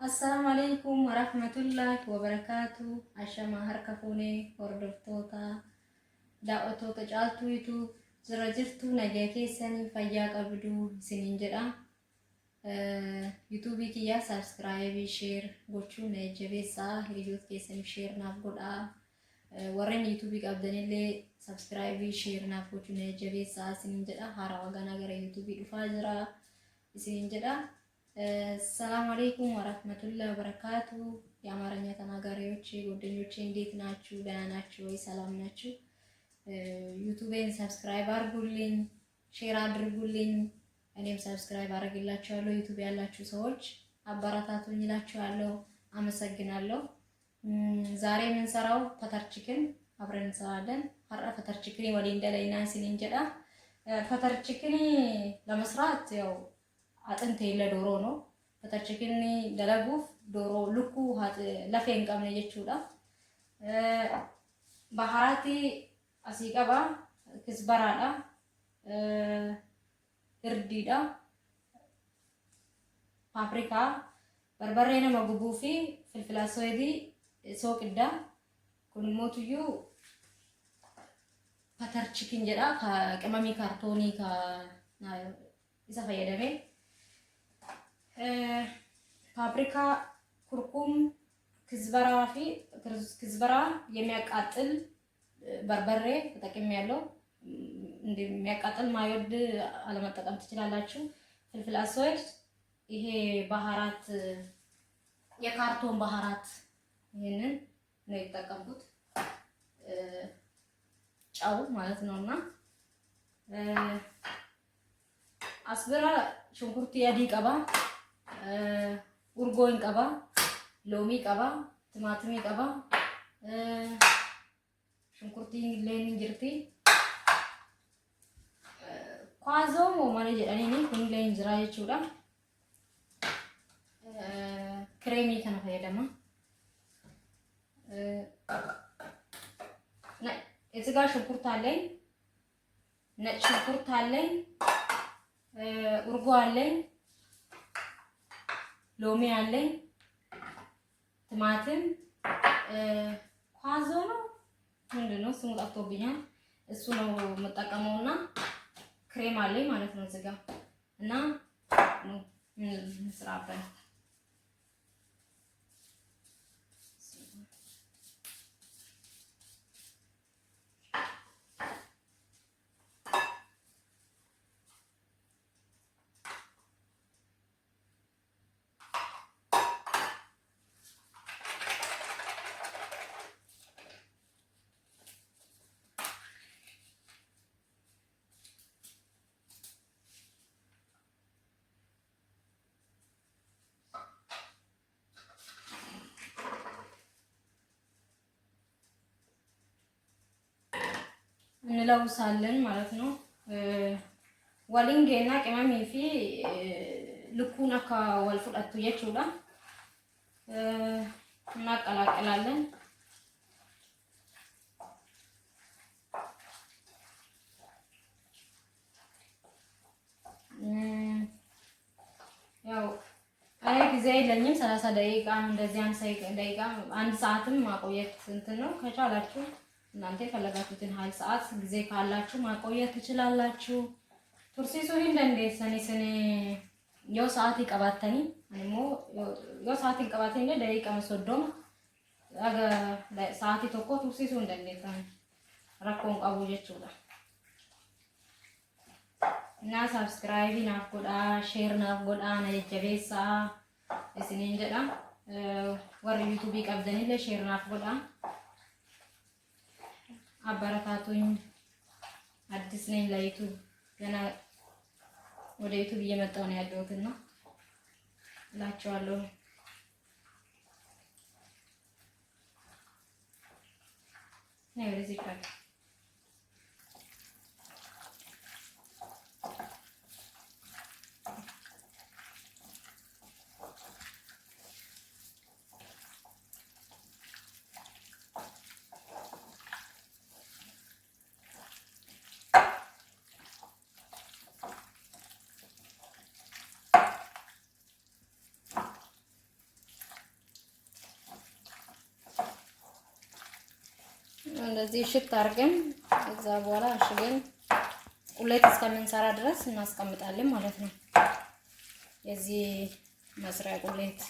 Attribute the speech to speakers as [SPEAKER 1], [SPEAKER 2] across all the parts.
[SPEAKER 1] Assalamu alaikum warahmatullahi wabarakatuh. Ashama harka fuunee hordoftoota daa'attoota caaltuutu jira jirtu nagaa keessanii fayyaa qabdu isiniin jedha. Yuutuubii kiyyaa saabskiraayibii sheer gochuun jabeessaa hiriyoota keessanii sheer naaf godhaa. Warreen yuutuubii qabdanillee saabskiraayibii sheer naaf gochuun jabeessaa isiniin jedha. Haarawaa ganaa gara yuutuubii dhufaa jira isiniin jedha. ሰላም አለይኩም ወራህመቱላሂ ወበረካቱ። የአማርኛ ተናጋሪዎች ጓደኞቼ እንዴት ናችሁ? ደህና ናችሁ ወይ? ሰላም ናችሁ? ዩቲዩብን ሰብስክራይብ አድርጉልኝ፣ ሼር አድርጉልኝ። እኔም ሰብስክራይብ አድርግላችኋለሁ። ዩቱብ ያላችሁ ሰዎች አባራታቱኝ እላችኋለሁ። አመሰግናለሁ። ዛሬ የምንሰራው ፈተር ችክን አብረን እንሰራለን። ሀራ ፈተር ችክኒ ወዲህ እንደለይና ሲኒንጀዳ ፈተር ችክኒ ለመስራት ያው አጥንት የለ ዶሮ ነው በተችክኒ ደለጉፍ ዶሮ ልኩ ለፌ እንቀምነ የችውዳ ባህራቲ አሲቀባ ክዝበራዳ እርዲዳ ፓፕሪካ በርበሬ ነመ ጉቡፊ ፍልፍላ ሶይዲ ሶቅዳ ኩንሞትዩ ፓተርችክን ጀዳ ቅመሚ ካርቶኒ isa fayyadamee ፓፕሪካ፣ ኩርኩም፣ ክዝበራ ፊ ክዝበራ የሚያቃጥል በርበሬ ተጠቅሜ ያለው የሚያቃጥል ማዮድ አለመጠቀም ትችላላችሁ። ፍልፍል አስወድ ይሄ ባህራት የካርቶን ባህራት ይሄንን ነው የተጠቀምኩት፣ ጨው ማለት ነው። እና አስብራ ሽንኩርት ቀባ። ኡርጎን ቀባ፣ ሎሚ ቀባ፣ ትማትም ቀባ፣ ሽንኩርቲ ለኒ ጅርቲ ኳዞሞ ማለት ይችላል። እኔ ኩን ለኒ ጅራ ይችላል። ክሬሚ ከነፈየ ደማ እዚህ ጋር ሽንኩርት አለኝ፣ ነጭ ሽንኩርት አለኝ፣ ኡርጎ አለኝ ሎሚ አለኝ፣ ቲማቲም ኳዞ ነው ምንድን ነው ስሙ ጠፍቶብኛል። እሱ ነው እና ክሬም አለኝ ማለት ነው እዚህ ጋ እና ምን ስራ እንለውሳለን ማለት ነው። ወሊንጌና ቅመሜ ፊ ልኩን አካ ወል ፍጠቱ የችውላ እናቀላቅላለን። ያው አይ ጊዜ የለኝም። ሰላሳ ደቂቃ እንደዚህ ደቂቃ አንድ ሰዓትም ማቆየት እንትን ነው ከቻላችሁ እናንተ የፈለጋችሁትን ሀይል ሰዓት ጊዜ ካላችሁ ማቆየት ትችላላችሁ። ቱርሲሱ ሂንደንዴሰኒ ስኒ ዮ ሰዓት ይቀባተኒ አንሞ ዮ ሰዓት ይቀባተኝ ደቂቃ መስወዶም አገ ሰዓት ቶኮ ቱርሲሱ እንደንዴሰኒ ረኮን ቀቡ ጀችውላ እና ሳብስክራይብ ናፍ ጎዳ ሼር ናፍ ጎዳ ነጀቤሳ እስኒ እንጀዳ ወር ዩቱብ ይቀብደኒለ ሼር ናፍ ጎዳ አበረታቱኝ። አዲስ ነኝ ለዩቱብ ገና ወደ ዩቱብ እየመጣሁ ነው ያለሁት እና እላቸዋለሁ። ነው እንደዚህ እሽት አድርገን ከዛ በኋላ አሽገን ቁሌት እስከምንሰራ ድረስ እናስቀምጣለን ማለት ነው። የዚህ መስሪያ ቁሌት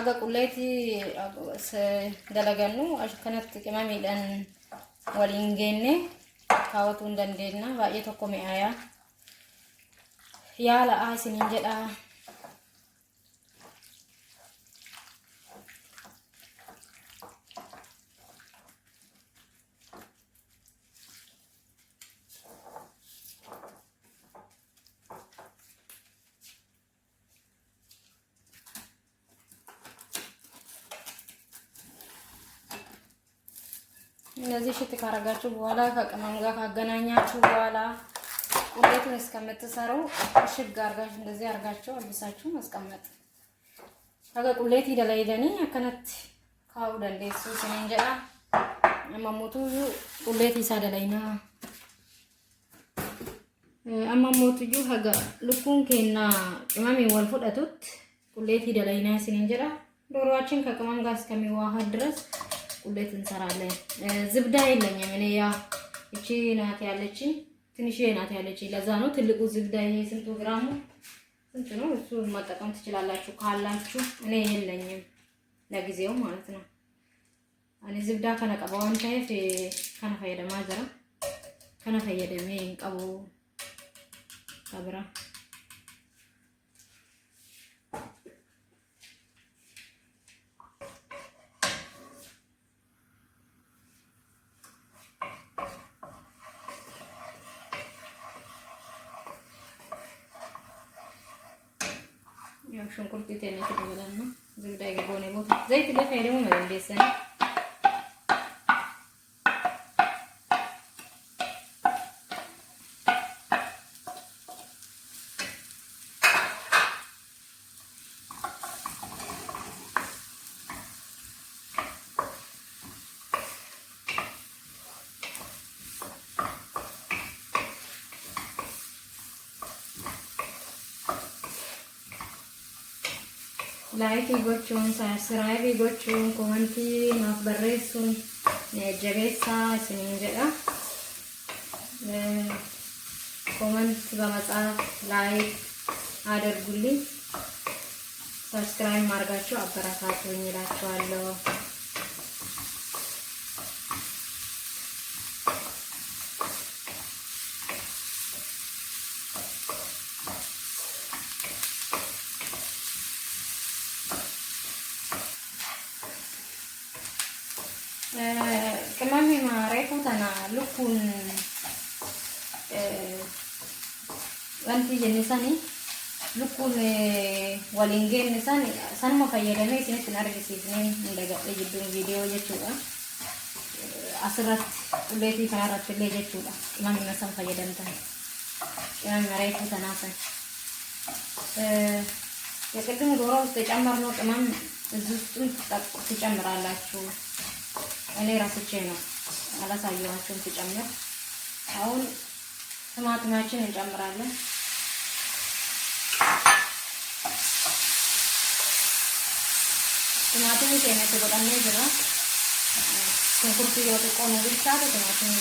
[SPEAKER 1] አገ ቁሌት ደለገኑ አሽከነት ቅመም ይደን ወሊንጌኔ ካወቱ እንደንዴና ባየ tokko mi'aaya yaala aasiniin jedha እነዚህ ሽት ካረጋችሁ በኋላ ከቅመም ጋር ካገናኛችሁ በኋላ ቁሌቱን እስከምትሰሩ እሽግ አርጋችሁ እንደዚህ አርጋችሁ አልብሳችሁ ማስቀመጥ ሀገ ቁሌት ይደለይደኒ አከነት ካው ደንዴሱ ሲነንጀራ አማሞቱ ቁሌት ይሳደለይና አማሞቱ ጁ ሀገ ልኩን ኬና ቅመም ወል ፉደቱት ቁሌት ይደለይና ሲነንጀራ ዶሮዋችን ከቅመም ጋር እስከሚዋሃድ ድረስ ቁሌት እንሰራለን። ዝብዳ የለኝም እኔ ያ እቺ ናት ያለችኝ፣ ትንሽ ናት ያለችኝ። ለዛ ነው ትልቁ ዝብዳ። ይሄ ስንቱ ግራሙ ስንት ነው? እሱ መጠቀም ትችላላችሁ ካላችሁ። እኔ የለኝም ለጊዜው ማለት ነው። እኔ ዝብዳ ከነቀባ ወንታይፍ ከነፈየደ ማዘራ ከነፈየደ ሜን ቀቡ ቀብራ बोने जाय तिला फेरी म्हणून बेसन laayikii gochuun saabsiraayibii gochuun komantii naaf barreessuun jabeessaa isiniin jedha. ኮመንት በመጻፍ ላይክ አድርጉልኝ። ሰብስክራይብ ማድረጋችሁ አበረታቱኝ እላችኋለሁ። ቅመሜ ማረይኩ ተና ልኩን wanti jennisanii lukkuun waliin geenne san sanuma fayyadamee isinittiin argisiisnee hin dagadhe jidduun viidiyoo jechuudha. Asirratti ulleetii kanarratti illee jechuudha qimamina san fayyadamtan qimamina reefu tanaa san የቅድም ዶሮ ውስጥ የጨመርነው ቅመም እዚህ ውስጥም ትጨምራላችሁ እኔ ራስቼ ነው አላሳየኋችሁም ሲጨምር። አሁን ትማትማችን እንጨምራለን። ቲማቲም ጤነት በጣም ነው። ሽንኩርት እየወጥቆ ነው ብቻ ቲማቲም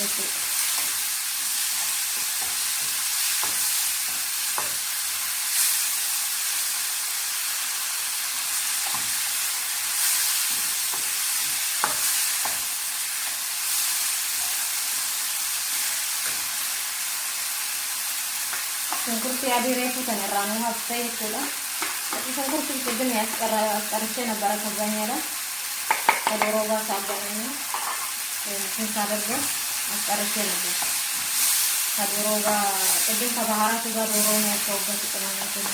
[SPEAKER 1] ብሔራዊ ሬት ተነራ ነው ሀፍተ ይቆላ ሽንኩርት ቅድም ያስቀራ ነበረ። ከዛኛ ላይ ከዶሮ ጋር ሳገናኝ እንትን ሳደርገው አስቀርቼ ነበር። ከዶሮ ጋር ቅድም ከባህራቱ ጋር ዶሮውን ያስተውበት ቅመማት ነው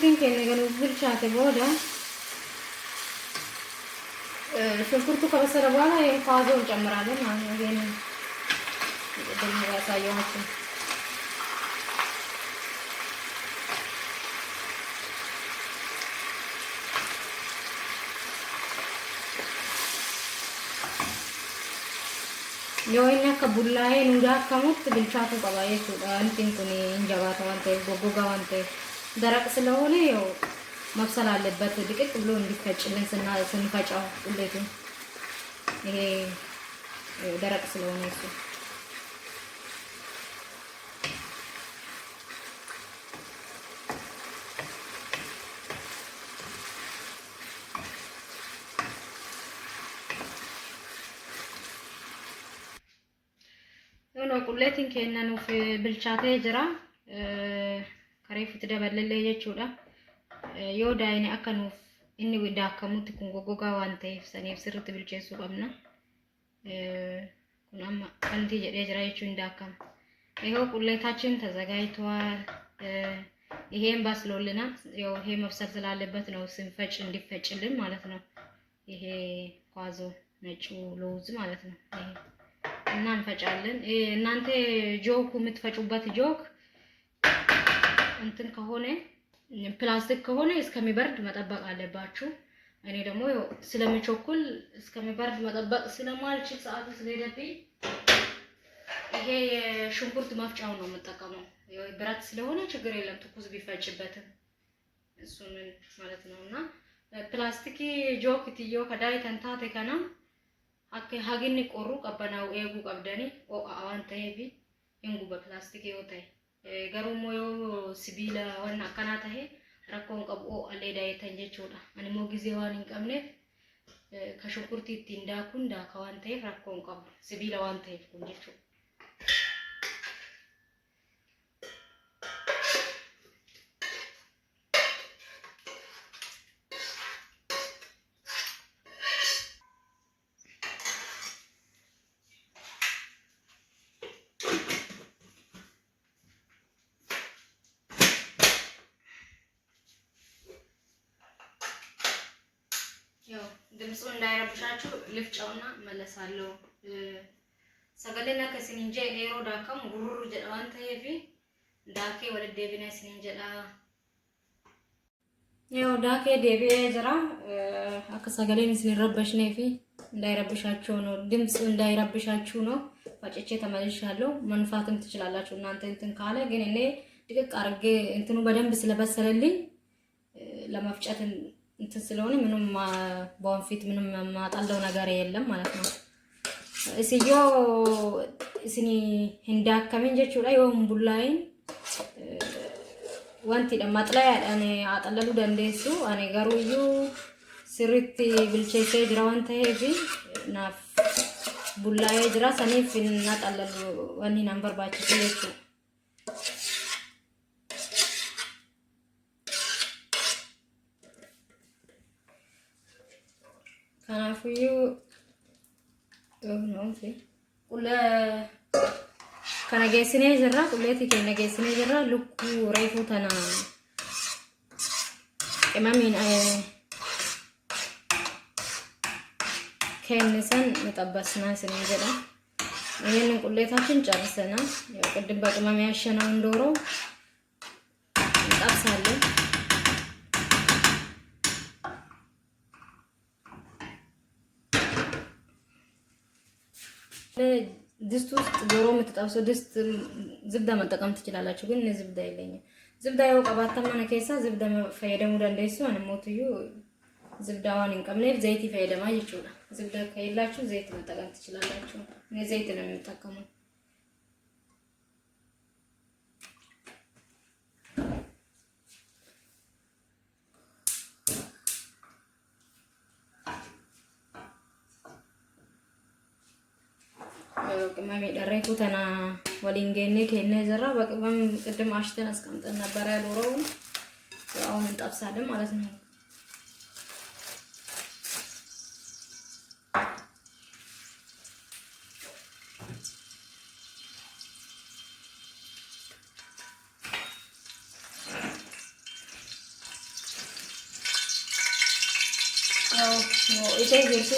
[SPEAKER 1] ሽንኩርቴን ከነገንብልቻት በኋላ ሽንኩርቱ ከበሰለ በኋላ የፋዞ እንጨምራለን ማለት ነው። ይሄን ደግሞ ያሳየኋችሁ የወይና ከቡላዬ ኑዳ ከሙት ብልቻቱ ቀባዬ ሱዳን ቲንኩኒ እንጀባታ ዋንቴ ጎጎጋ ዋንቴ ደረቅ ስለሆነ ያው መብሰል አለበት ድቅቅ ብሎ እንዲፈጭልን ስንፈጫው ቁሌቱ ይሄ ደረቅ ስለሆነ እሱ ቁሌትን ከነኑ ብልቻቴ ጅራ Reefu daballee jechuudha. Yoo daa'imni akka nuuf inni daakamutti kun goggogaa waan ta'eef saniif sirriitti bilcheessuu qabna. Kun amma wanti jedhee jira jechuun hin daakama. Yehoo ቁሌታችን ተዘጋጅቷል። ይሄን ባስሎልናል። ያው ይሄ መብሰል ስላለበት ነው ስንፈጭ እንዲፈጭልን ማለት ነው። ይሄ ኳዞ ነጩ ሎዝ ማለት ነው። ይሄ እና እንፈጫለን። እናንተ ጆክ የምትፈጩበት ጆክ እንትን ከሆነ ፕላስቲክ ከሆነ እስከሚበርድ መጠበቅ አለባችሁ። እኔ ደግሞ ስለሚቸኩል እስከሚበርድ መጠበቅ ስለማልችል ሰዓቱ ስለሄደብኝ ይሄ የሽንኩርት መፍጫው ነው የምጠቀመው። ብረት ስለሆነ ችግር የለም ትኩስ ቢፈጭበትም እሱን ማለት ነው እና ፕላስቲክ ጆክ ትዮ ከዳይ ተንታቴ ከና ሀግኒ ቆሩ ቀበናው ኤጉ ቀብደኒ ኦ አዋንተ አዋንተሄፊ እንጉ በፕላስቲክ ይወታይ Garuu yoo sibiila waan akkanaa tahe rakkoon qabu oo'allee daayetan jechuudha. Ani immoo gizee waan hin qabneef ka shunkurtii ittiin daakuun daaka waan ta'eef rakkoon qabu sibiila waan ta'eef kun jechuudha. ድምፁ እንዳይረብሻችሁ ልፍጫውና መለሳለሁ። ሰገሌና ከስኒንጀ ኔሮ ዳካም ጉሩሩ ጀዳ ዋን ተሄፊ ዳኬ ወደ ዴቢና ስኒን ጀዳ ያው ዳኬ ዴቢ ጀራ አከ ሰገሌን ሲረበሽ ነፊ እንዳይረብሻችሁ ነው። ድምፁ እንዳይረብሻችሁ ነው። ፈጭቼ ተመልሻለሁ። መንፋትም ትችላላችሁ እናንተ እንትን ካለ ግን እኔ ድቅቅ አድርጌ እንትኑ በደንብ ስለበሰለልኝ ለመፍጨት እንትን ስለሆነ ምንም በአሁን ፊት ምንም ማጣለው ነገር የለም ማለት ነው። እስዮ እስኒ እንዳከመኝ ጀቹ ላይ ወን ቡላይን ወንቲ ለማጥለያ አኔ አጠለሉ ደንደሱ አኔ ጋሩ ዩ ስሪት ብልቼ ከይ ድራውን ና ቡላይ ድራ ሰኔ ናጣለሉ ወኒ ናምበር ባቺ ስለቹ Kanaafuyyu kana geessinee jirra. Qulleetti keenya geessinee jirra. Lukkuu reefuu tana qimamiin kennisan መጠበስና ስኔ ጀዳ ይህንን ቁሌታችን ጨርስና ቅድም በቅመም ያሸነውን ዶሮ ድስት ውስጥ ዶሮ የምትጠብሰው ድስት ዝብዳ መጠቀም ትችላላችሁ፣ ግን እኔ ዝብዳ የለኝም። ዝብዳ ያው ቀባተማነ ኬሳ ዝብዳ ፈየደሙ ደንደሱ አንሞትዩ ዝብዳዋን እንቀምነ ዘይት ፈየደማ ይችላል። ዝብዳ ከሌላችሁ ዘይት መጠቀም ትችላላችሁ። እኔ ዘይት ነው የምጠቀመው። በቅመም የደረይ ኩተና ወሊንጌኔ ኬነ የዘራ በቅመም ቅድም አሽተን አስቀምጠን ነበረ ዶሮውን። አሁን እንጠብሳለን ማለት ነው። So, no, it is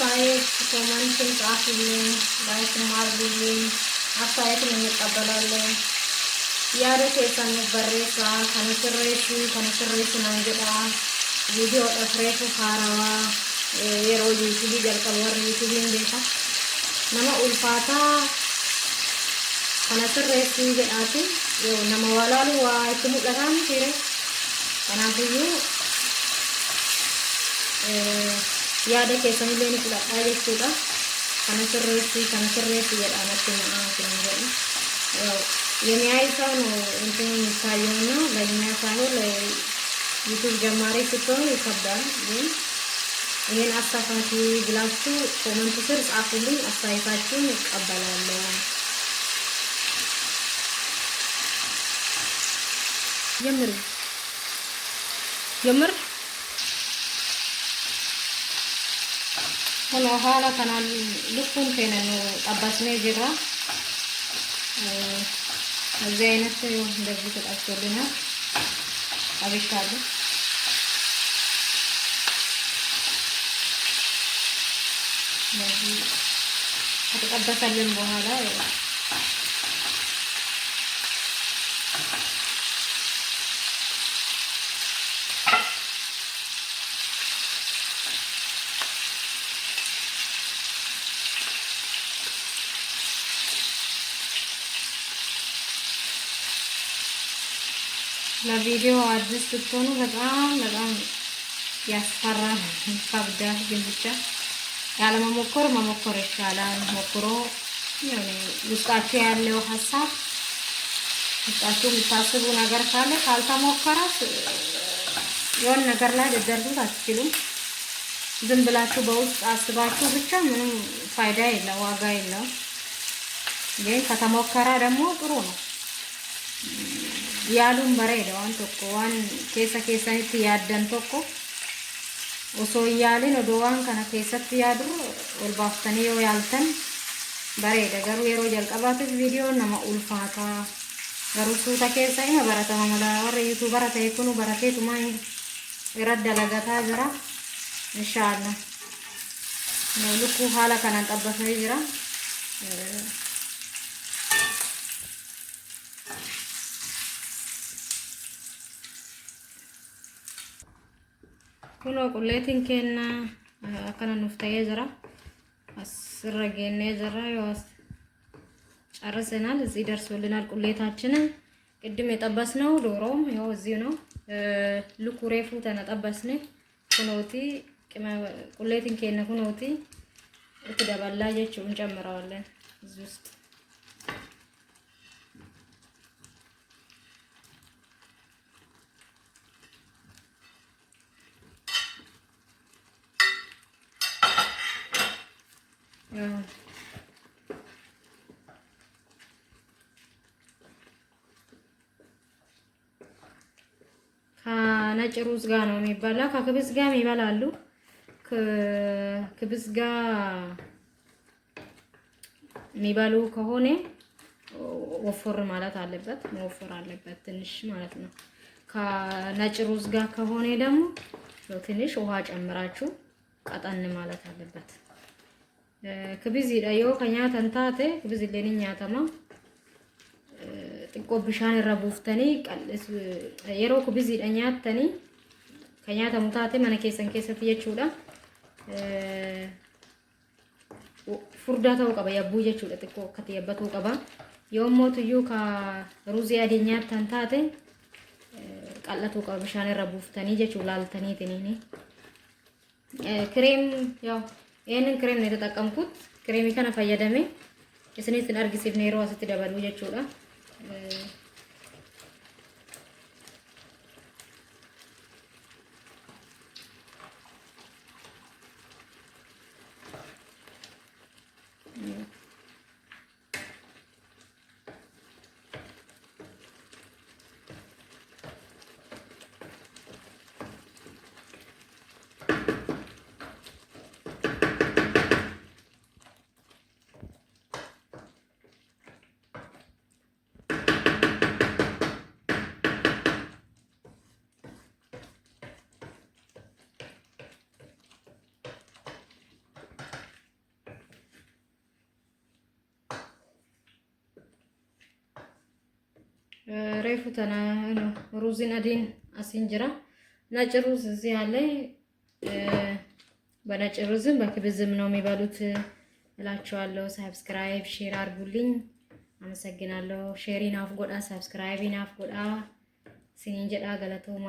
[SPEAKER 1] Saya cuman cinta ini, dari semar dulu, apa itu menit abalale. Tiada setan yang berasa, karena cerai itu, karena cerai itu nanti lah. Jadi otak cerai itu karawa, eh, roji itu di jalan keluar itu yang desa. Nama ulfata, karena cerai itu jadi asin. Yo, nama walalu itu mudah kan sih, karena itu. Eh, yaada keessanillee ni filadhaa jechuudha. Kana sirreessi kana sirreessi jedha natti na'aa kun jedhu. የሚያ ሰው ነው እንትን የሚታየው እና ለእኛ ሳይሆን ለዩቱብ ጀማሪ ስትሆን ይከብዳል። ግን ይህን አሳፋፊ ብላችሁ ኮመንት ስር ጻፉልኝ፣ አስተያየታችሁን እቀበላለሁ። ጀምር ጀምር Kun haala kanaan lukkuun keenya nu xabbasnee jira. እዚህ አይነት እንደዚህ ተጠብሶልናል። አብሻሉ እንደዚህ ከተጠበሰልን በኋላ ለቪዲዮ አዲስ ስትሆኑ በጣም በጣም ያስፈራል፣ ይከብዳል። ግን ብቻ ያለመሞከር መሞከር ይሻላል። ሞክሮ ውስጣችሁ ያለው ሀሳብ ውስጣችሁ የምታስቡ ነገር ካለ ካልተሞከረ የሆነ ነገር ላይ ልትደርሱት አትችሉም። ዝም ብላችሁ በውስጥ አስባችሁ ብቻ ምንም ፋይዳ የለው፣ ዋጋ የለው። ግን ከተሞከረ ደግሞ ጥሩ ነው። yaaduun bareeda waan tokko waan keessa keessanitti yaaddan tokko osoo hin yaalin odoo waan kana keessatti yaadu olbaaftanii yoo yaaltan bareeda garuu yeroo jalqabaatiif viidiyoo nama ulfaataa garuu suuta keessa ima baratama mala warra yuutuu yuutuubara ta'e kun barateetuma irra dalagataa jira inshaallah lukkuu haala kanaan xabbatee jira kunoo qulleetiin keenna akkana nuuf ta'ee jira asirra geennee jira yoo ጨርሰናል። እዚህ ደርሶልናል ቁሌታችንን ቅድም የጠበስነው ዶሮም ያው እዚህ ነው። ልኩ ሬፉ ተነጠበስን ኩኖቲ ቁሌትን ኬነ ኩኖቲ እትደበላ ጀችውን ጨምረዋለን እዚህ ውስጥ ከነጭ ሩዝ ጋር ነው የሚበላው ከክብዝ ጋር ይበላሉ። ክብስ ጋር የሚበሉ ከሆነ ወፈር ማለት አለበት፣ መወፈር አለበት ትንሽ ማለት ነው። ከነጭ ሩዝ ጋር ከሆነ ደግሞ ትንሽ ውሃ ጨምራችሁ ቀጠን ማለት አለበት። kibisiidha yoo ka nyaatan taate kibisiillee ni nyaatama. Xiqqoo bishaan irra buuftanii yeroo kibisiidha nyaattanii ka nyaatamu taate mana keessan keessatti jechuudha. Furdaa ta'uu qaba yabbuu jechuudha xiqqoo akkati yabbatuu qaba. Yoommoo tuyyuu ka ruuzii adii nyaattan taate qal'atuu qaba bishaan irra buuftanii jechuudha laaltaniitiniini. Kireem yaa ይሄንን ክሬም ነው የተጠቀምኩት። ክሬሚ ከነ ፈየደሜ እስኔ ስን አርጊሲፍ ኔሮ አስት ደበሉ ሬፉ ተና ሩዝን አዲን አሲንጅራ ነጭ ሩዝ እዚህ አለ። በነጭ ሩዝም በክብዝም ነው የሚበሉት እላችኋለሁ። ሳብስክራይብ ሼር አድርጉልኝ። አመሰግናለሁ። ሼሪን አፍ ጎዳ ሳብስክራይቢን አፍ ገለቶማ